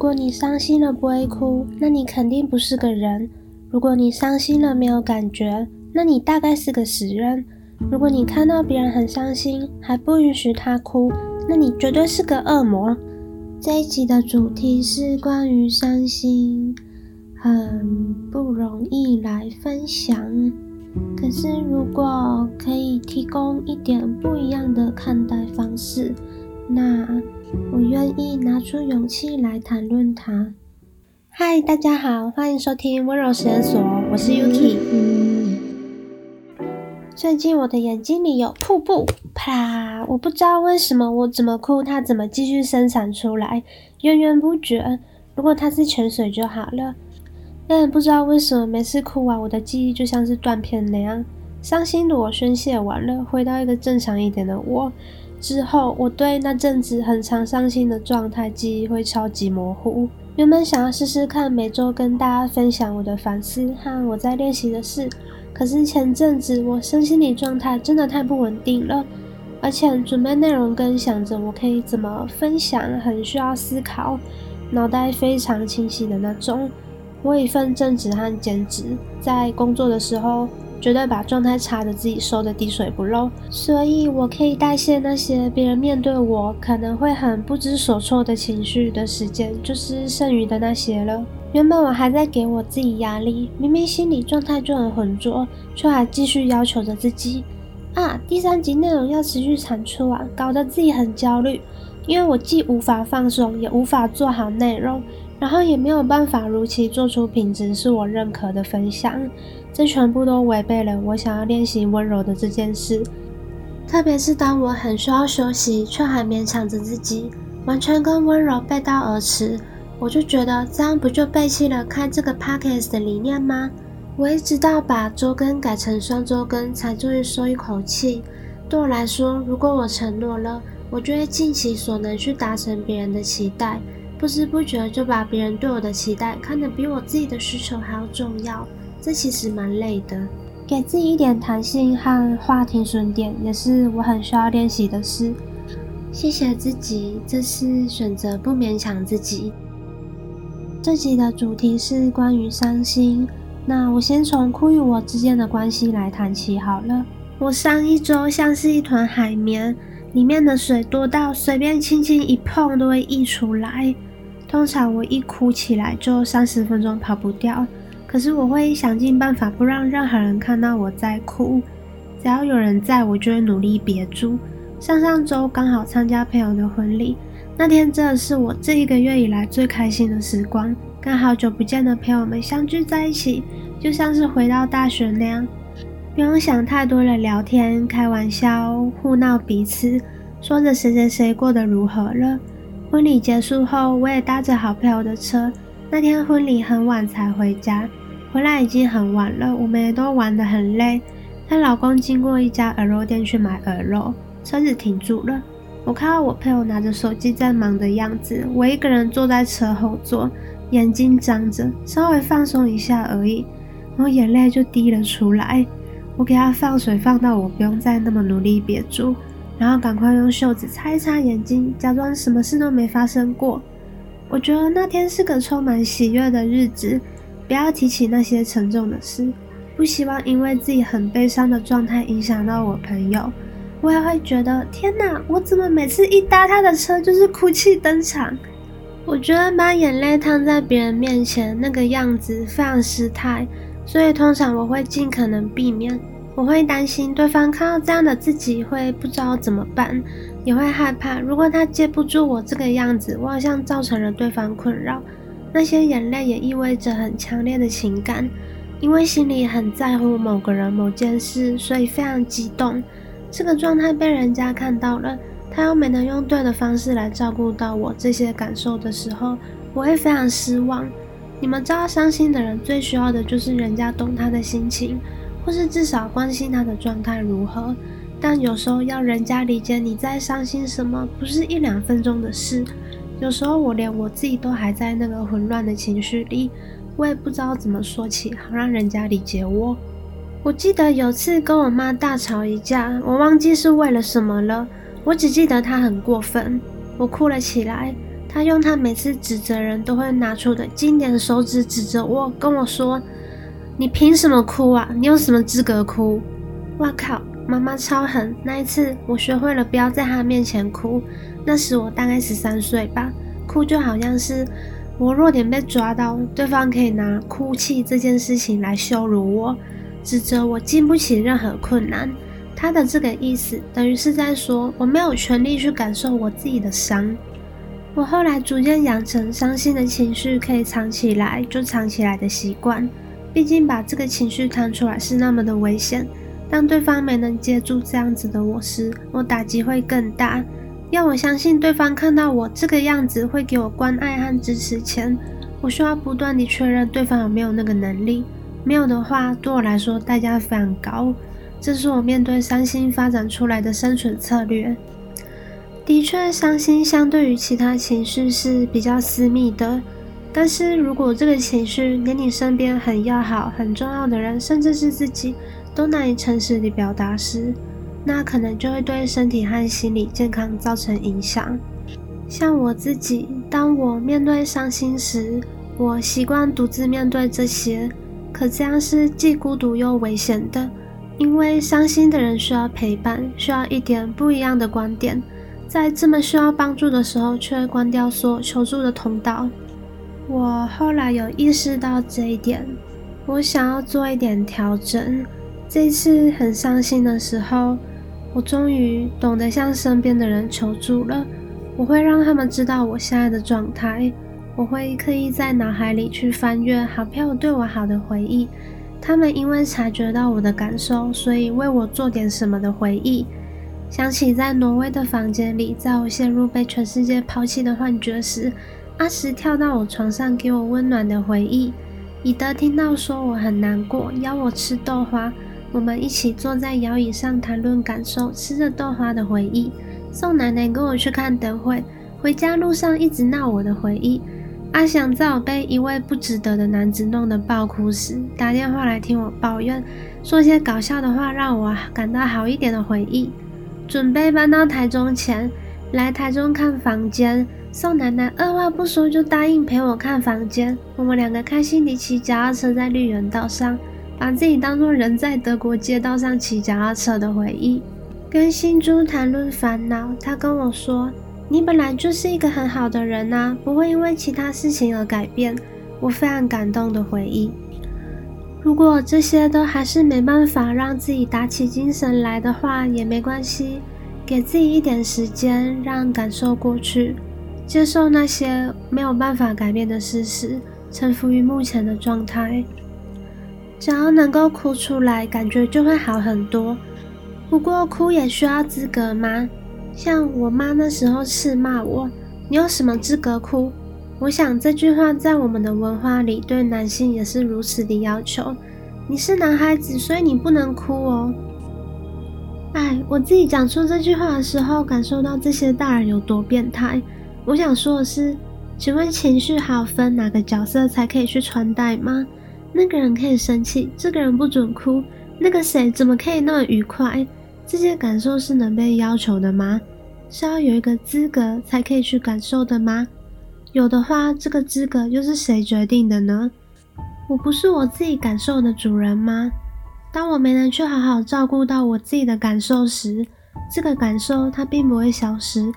如果你傷心了不會哭，那你肯定不是個人；如果你傷心了沒有感覺，那你大概是個死人；如果你看到別人很傷心還不允許他哭，那你絕對是個惡魔。這一集的主題是關於傷心，很不容易來分享。可是如果可以提供一點不一樣的看待方式，那……我願意拿出勇氣來談論它。嗨，大家好，歡迎收聽溫柔實驗所，我是 Yuki，嗯。最近我的眼睛裡有瀑布，啪啦！我不知道為什麼，我怎麼哭，它怎麼繼續生產出來，源源不絕。如果它是泉水就好了。但也不知道為什麼每次哭完，我的記憶就像是斷片那樣。傷心的我宣洩完了，回到一個正常一點的我。之後，我對那陣子很常傷心的狀態記憶會超級模糊。原本想要試試看每周跟大家分享我的反思和我在練習的事，可是前陣子我身心靈狀態真的太不穩定了，而且準備內容跟想着我可以怎麼分享，很需要思考，腦袋非常清晰的那種。我有一份正職和兼職，在工作的時候。絕對把狀態差的自己收得滴水不漏，所以我可以代謝那些別人面對我可能會很不知所措的情緒的時間，就是剩餘的那些了。原本我還在給我自己壓力，明明心理狀態就很渾濁，卻還繼續要求着自己啊！第三集內容要持續產出啊，搞得自己很焦慮，因為我既無法放鬆，也無法做好內容，然後也沒有辦法如期做出品質是我認可的分享。這全部都違背了我想要練習溫柔的這件事，特別是當我很需要休息，卻還勉強着自己，完全跟溫柔背道而馳。我就覺得這樣不就背棄了看這個 podcast 的理念嗎？我一直到把周更改成雙周更，才終於鬆一口氣。對我來說，如果我承諾了，我就會盡其所能去達成別人的期待，不知不覺就把別人對我的期待看得比我自己的需求還要重要。這其實蠻累的，給自己一點彈性和話題順點，也是我很需要練習的事。謝謝自己，這是選擇不勉強自己。這集的主題是關於傷心，那我先從哭與我之間的關係來談起好了。我上一周像是一團海綿，裡面的水多到隨便輕輕一碰都會溢出來。通常我一哭起來就三十分鐘跑不掉。可是我會想盡辦法不讓任何人看到我在哭，只要有人在我就會努力憋住。上上周剛好參加朋友的婚禮，那天真的是我這一個月以來最開心的時光，跟好久不見的朋友們相聚在一起，就像是回到大學那樣，不用想太多地聊天、開玩笑、互鬧，彼此說着誰誰誰過得如何了。婚禮結束後，我也搭着好朋友的車，那天婚禮很晚才回家。回來已經很晚了，我們也都玩得很累。但老公經過一家鵝肉店去買鵝肉，車子停住了。我看到我朋友拿着手機在忙的樣子，我一個人坐在車後座，眼睛張着，稍微放鬆一下而已，然後眼淚就滴了出來。我給他放水，放到我不用再那麼努力憋住，然後趕快用袖子擦一擦眼睛，假裝什麼事都沒發生過。我覺得那天是個充滿喜悅的日子。不要提起那些沉重的事，不希望因為自己很悲傷的狀態影響到我朋友。我也會覺得天哪，我怎麼每次一搭他的車就是哭泣登場？我覺得把眼淚攤在別人面前那個樣子非常失態，所以通常我會盡可能避免。我會擔心對方看到這樣的自己會不知道怎麼辦，也會害怕如果他接不住我這個樣子，我好像造成了對方困擾。那些眼淚也意味着很強烈的情感，因為心裡很在乎某個人、某件事，所以非常激動。這個狀態被人家看到了，他又沒能用對的方式來照顧到我這些感受的時候，我會非常失望。你們知道，傷心的人最需要的就是人家懂他的心情，或是至少關心他的狀態如何。但有時候要人家理解你在傷心什麼，不是一兩分鐘的事。有時候我連我自己都還在那個混亂的情緒裡，我也不知道怎麼說起，好讓人家理解我。我記得有次跟我媽大吵一架，我忘記是為了什麼了，我只記得她很過分，我哭了起來。她用她每次指責人都會拿出的經典的手指指着我，跟我說：“你憑什麼哭啊？你有什麼資格哭？”我靠！媽媽超狠，那一次我學會了不要在她面前哭。那時我大概十三歲吧，哭就好像是我弱點被抓到，對方可以拿哭泣這件事情來羞辱我，指責我經不起任何困難。她的這個意思等於是在說我沒有權利去感受我自己的傷。我後來逐漸養成傷心的情緒可以藏起來就藏起來的習慣，畢竟把這個情緒談出來是那麼的危險。當對方沒能接住這樣子的我時，我打擊會更大。要我相信對方看到我這個樣子會給我關愛和支持前，我需要不斷地確認對方有沒有那個能力。沒有的話，對我來說代價非常高。這是我面對傷心發展出來的生存策略。的確，傷心相對於其他情緒是比較私密的，但是如果這個情緒連你身邊很要好、很重要的人，甚至是自己。都難以誠實地表達時，那可能就會對身體和心理健康造成影響。像我自己，當我面對傷心時，我習慣獨自面對這些，可這樣是既孤獨又危險的。因為傷心的人需要陪伴，需要一點不一樣的觀點。在這麼需要幫助的時候，卻會關掉所有求助的通道，我後來有意識到這一點，我想要做一點調整。這次很傷心的時候，我終於懂得向身邊的人求助了。我會讓他們知道我現在的狀態，我會刻意在腦海裡去翻閱好朋友對我好的回憶，他們因為察覺到我的感受，所以為我做點什麼的回憶。想起在挪威的房間裡，在我陷入被全世界拋棄的幻覺時，阿石跳到我床上給我溫暖的回憶。以德聽到說我很難過，邀我吃豆花。我們一起坐在搖椅上談論感受，吃着豆花的回憶。宋奶奶跟我去看燈會，回家路上一直鬧我的回憶。阿翔在我被一位不值得的男子弄得爆哭時，打電話來聽我抱怨，說些搞笑的話讓我感到好一點的回憶。準備搬到台中前，來台中看房間，宋奶奶二話不說就答應陪我看房間。我們兩個開心地騎腳踏車在綠園道上。把自己當作人在德國街道上騎腳踏車的回憶，跟新珠談論煩惱。他跟我說：“你本來就是一個很好的人啊，不會因為其他事情而改變。”我非常感動的回憶。如果這些都還是沒辦法讓自己打起精神來的話，也沒關係，給自己一點時間，讓感受過去，接受那些沒有辦法改變的事實，臣服於目前的狀態。只要能夠哭出來，感覺就會好很多。不過哭也需要資格嗎？像我媽那時候斥罵我：“你有什麼資格哭？”我想這句話在我們的文化裡，對男性也是如此的要求。你是男孩子，所以你不能哭哦。唉，我自己講出這句話的時候，感受到這些大人有多變態。我想說的是，請問情緒還要分哪個角色才可以去穿戴嗎？那個人可以生氣，這個人不准哭。那個誰怎麼可以那麼愉快？這些感受是能被要求的嗎？是要有一個資格才可以去感受的嗎？有的話，這個資格又是誰決定的呢？我不是我自己感受的主人嗎？當我沒能去好好照顧到我自己的感受時，這個感受它並不會消失，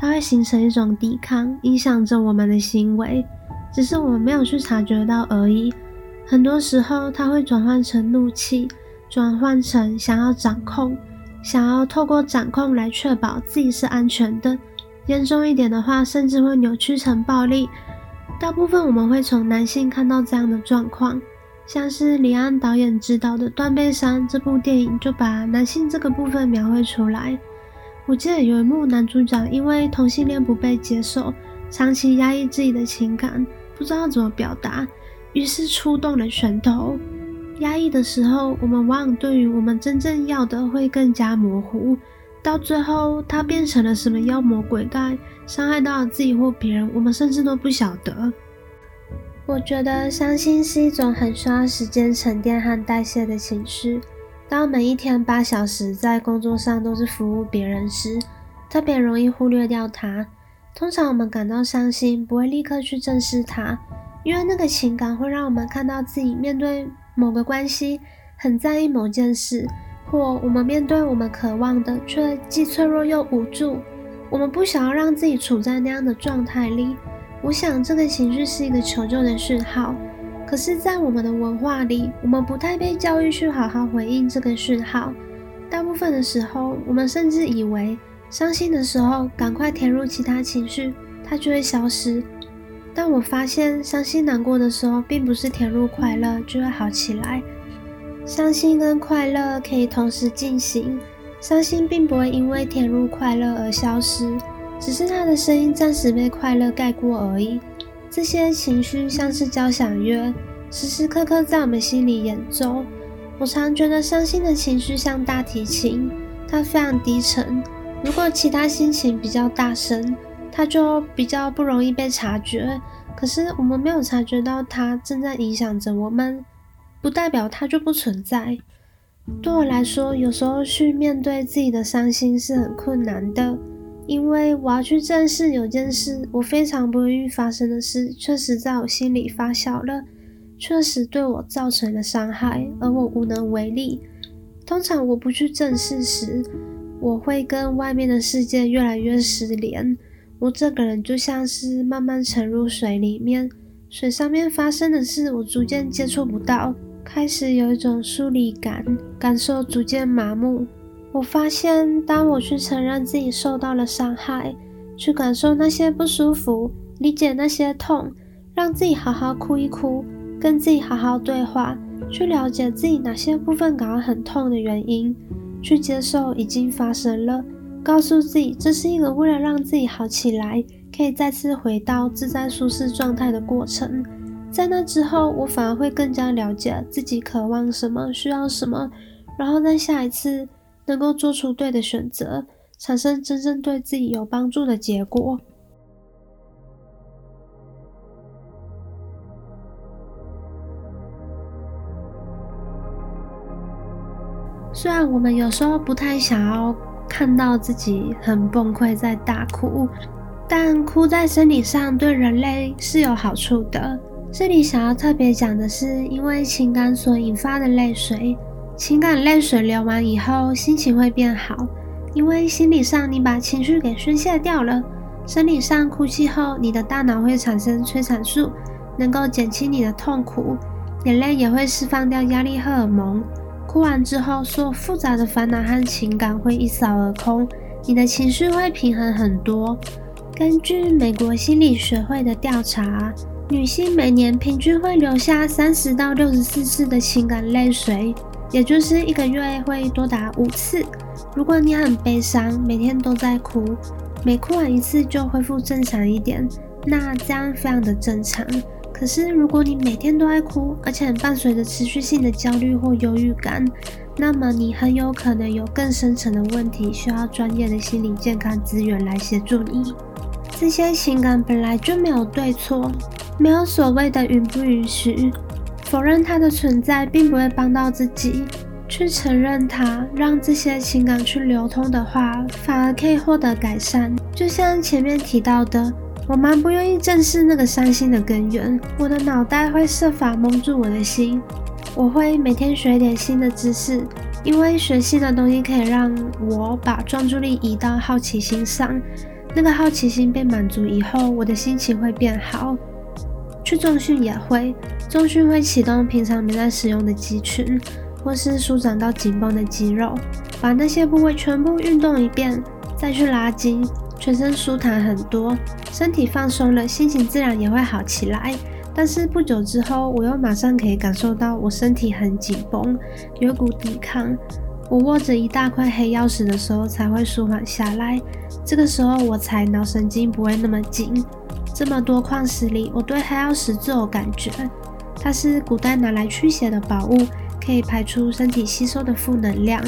它會形成一種抵抗，影響着我們的行為，只是我們沒有去察覺到而已。很多時候，他會轉換成怒氣，轉換成想要掌控，想要透過掌控來確保自己是安全的。嚴重一點的話，甚至會扭曲成暴力。大部分我們會從男性看到這樣的狀況，像是李安導演執導的《斷背山》這部電影，就把男性這個部分描繪出來。我記得有一幕，男主角因為同性戀不被接受，長期壓抑自己的情感，不知道怎麼表達。於是，出動了拳頭。壓抑的時候，我們往往對於我們真正要的會更加模糊。到最後，它變成了什麼妖魔鬼怪，傷害到了自己或別人，我們甚至都不曉得。我覺得傷心是一種很需要時間沉澱和代謝的情緒。當我們每一天八小時在工作上都是服務別人時，特別容易忽略掉它。通常我們感到傷心，不會立刻去正視它。因為那個情感會讓我們看到自己面對某個關係很在意某件事，或我們面對我們渴望的卻既脆弱又無助。我們不想要讓自己處在那樣的狀態裡。我想這個情緒是一個求救的訊號，可是，在我們的文化裡，我們不太被教育去好好回應這個訊號。大部分的時候，我們甚至以為傷心的時候趕快填入其他情緒，它就會消失。但我發現，傷心難過的時候，並不是填入快樂就會好起來。傷心跟快樂可以同時進行，傷心並不會因為填入快樂而消失，只是它的聲音暫時被快樂蓋過而已。這些情緒像是交響樂，時時刻刻在我們心裡演奏。我常覺得，傷心的情緒像大提琴，它非常低沉。如果其他心情比較大聲，他就比較不容易被察覺，可是我們沒有察覺到他正在影響着我們，不代表他就不存在。對我來說，有時候去面對自己的傷心是很困難的，因為我要去正視有件事，我非常不願意發生的事，確實在我心裡發酵了，確實對我造成了傷害，而我無能為力。通常我不去正視時，我會跟外面的世界越來越失聯。我這個人就像是慢慢沉入水裡面，水上面發生的事，我逐漸接觸不到，開始有一種疏離感，感受逐漸麻木。我發現，當我去承認自己受到了傷害，去感受那些不舒服，理解那些痛，讓自己好好哭一哭，跟自己好好對話，去了解自己哪些部分感到很痛的原因，去接受已經發生了。告訴自己，這是一個為了讓自己好起來，可以再次回到自在舒適狀態的過程。在那之後，我反而會更加了解自己渴望什麼、需要什麼，然後在下一次能夠做出對的選擇，產生真正對自己有幫助的結果。雖然我們有時候不太想要。看到自己很崩潰，在大哭，但哭在身體上對人類是有好處的。這裡想要特別講的是，因為情感所引發的淚水，情感淚水流完以後，心情會變好，因為心理上你把情緒給宣洩掉了。生理上哭泣後，你的大腦會產生催產素，能夠減輕你的痛苦，眼淚也會釋放掉壓力荷爾蒙。哭完之後，所有複雜的煩惱和情感會一掃而空，你的情緒會平衡很多。根據美國心理學會的調查，女性每年平均會流下三十到六十四次的情感淚水，也就是一個月會多達五次。如果你很悲傷，每天都在哭，每哭完一次就恢復正常一點，那這樣非常的正常。可是，如果你每天都愛哭，而且很伴隨着持續性的焦慮或憂鬱感，那麼你很有可能有更深層的問題，需要專業的心理健康資源來協助你。這些情感本來就沒有對錯，沒有所謂的允不允許。否認它的存在，並不會幫到自己；去承認它，讓這些情感去流通的話，反而可以獲得改善。就像前面提到的。我蠻不願意正視那個傷心的根源，我的腦袋會設法蒙住我的心。我會每天學一點新的知識，因為學習的東西可以讓我把專注力移到好奇心上。那個好奇心被滿足以後，我的心情會變好。去重訓也會，重訓會啟動平常沒在使用的肌群，或是舒展到緊繃的肌肉，把那些部位全部運動一遍，再去拉筋。全身舒坦很多，身體放鬆了，心情自然也會好起來。但是不久之後，我又馬上可以感受到我身體很緊繃，有股抵抗。我握着一大塊黑曜石的時候才會舒緩下來，這個時候我才腦神經不會那麼緊。這麼多礦石裡，我對黑曜石自有感覺，它是古代拿來驅邪的寶物，可以排出身體吸收的負能量。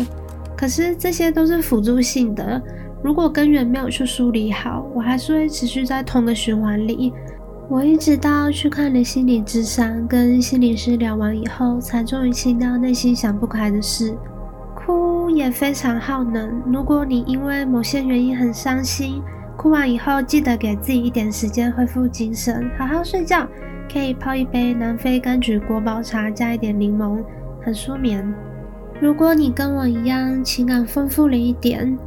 可是這些都是輔助性的。如果根源沒有去梳理好，我還是會持續在同一個循環裡。我一直到去看了心理諮商跟心理師聊完以後，才終於清到內心想不開的事。哭也非常耗能。如果你因為某些原因很傷心，哭完以後記得給自己一點時間恢復精神，好好睡覺。可以泡一杯南非柑橘國寶茶，加一點檸檬，很舒眠。如果你跟我一樣情感豐富了一點。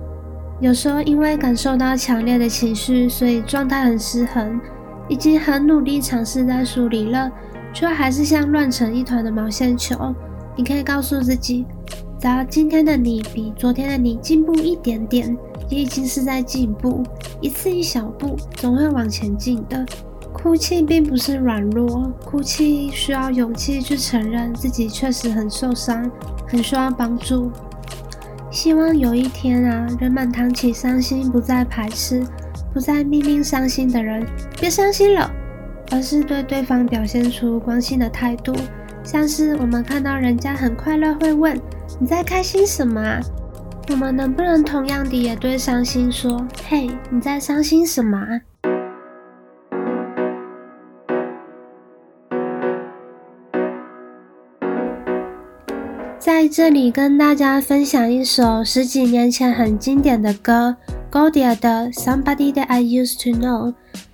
有時候因為感受到強烈的情緒，所以狀態很失衡，已經很努力嘗試在梳理了，卻還是像亂成一團的毛線球。你可以告訴自己，只要今天的你比昨天的你進步一點點，你已經是在進步。一次一小步，總會往前進的。哭泣並不是軟弱，哭泣需要勇氣去承認自己確實很受傷，很需要幫助。希望有一天啊，人們談起傷心不再排斥，不再命令傷心的人別傷心了，而是對對方表現出關心的態度，像是我們看到人家很快樂會問你在開心什麼啊？我們能不能同樣的也對傷心說嘿，你在傷心什麼啊？在這裡跟大家分享一首十幾年前很經典的歌 g a d d a 的《Somebody That I Used to Know》。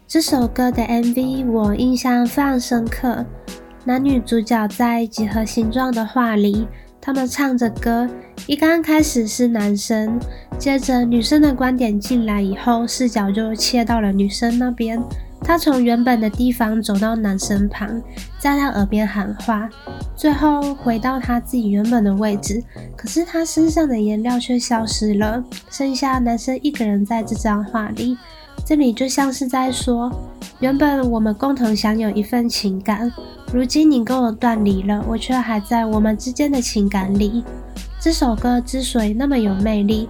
這首歌的 MV 我印象非常深刻，男女主角在幾何形狀的畫裡，他們唱着歌。一剛開始是男生，接着女生的觀點進來以後，視角就切到了女生那邊。他從原本的地方走到男生旁，在他耳邊喊話，最後回到他自己原本的位置。可是他身上的顏料卻消失了，剩下男生一個人在這張畫裡。這裡就像是在說，原本我們共同享有一份情感，如今你跟我斷離了，我卻還在我們之間的情感裡。這首歌之所以那麼有魅力。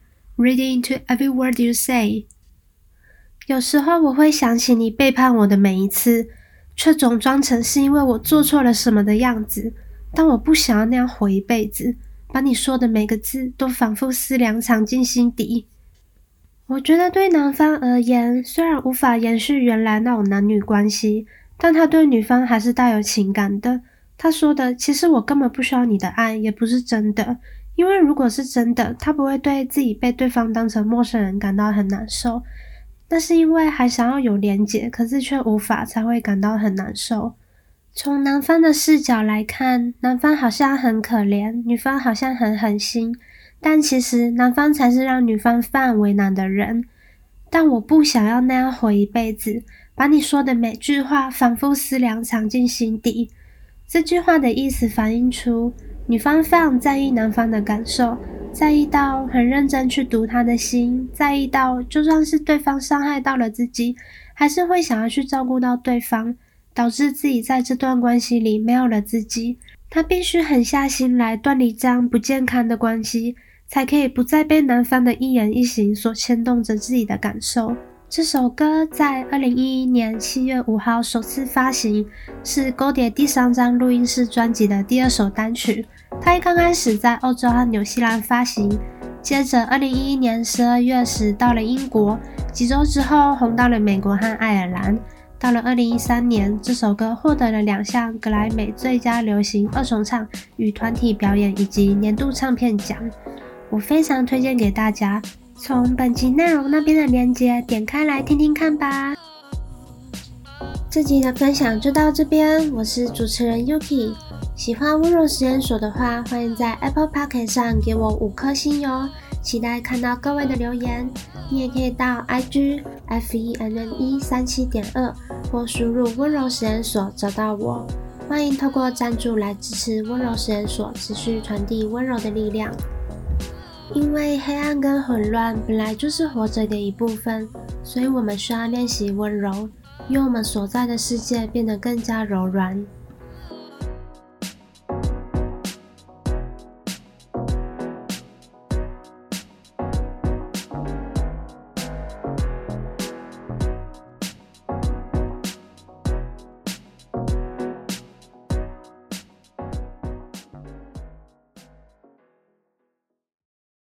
Reading into every word you say. 有時候我會想起你背叛我的每一次，卻總裝成是因為我做錯了什麼的樣子。但我不想要那樣活一輩子，把你說的每個字都反覆思量，藏進心底。我覺得對男方而言，雖然無法延續原來那種男女關係，但他對女方還是帶有情感的。他說的“其實我根本不需要你的愛”，也不是真的。因為如果是真的，他不會對自己被對方當成陌生人感到很難受，但是因為還想要有連結，可是卻無法，才會感到很難受。從男方的視角來看，男方好像很可憐，女方好像很狠心，但其實男方才是讓女方犯為難的人。但我不想要那樣活一輩子，把你說的每句話反覆思量，藏進心底。這句話的意思反映出。女方非常在意男方的感受，在意到很認真去讀他的心，在意到就算是對方傷害到了自己，還是會想要去照顧到對方，導致自己在這段關係裡沒有了自己。她必須狠下心來斷離這樣不健康的關係，才可以不再被男方的一言一行所牽動着自己的感受。這首歌在二零一一年七月五號首次發行，是勾碟第三張錄音室專輯的第二首單曲。它一剛開始在歐洲和紐西蘭發行，接着二零一一年十二月時到了英國，幾周之後紅到了美國和愛爾蘭。到了二零一三年，這首歌獲得了兩項格萊美最佳流行二重唱與團體表演以及年度唱片獎。我非常推薦給大家。從本期內容那邊的連結點開來聽聽看吧。這集的分享就到這邊，我是主持人 Yuki。喜歡溫柔實驗所的話，歡迎在 Apple Podcast 上給我五顆星喲！期待看到各位的留言。你也可以到 IG Femme 三七點二或輸入溫柔實驗所找到我。歡迎透過贊助來支持溫柔實驗所，持續傳遞溫柔的力量。因為黑暗跟混亂本來就是活着的一部分，所以我們需要練習溫柔，讓我們所在的世界變得更加柔軟。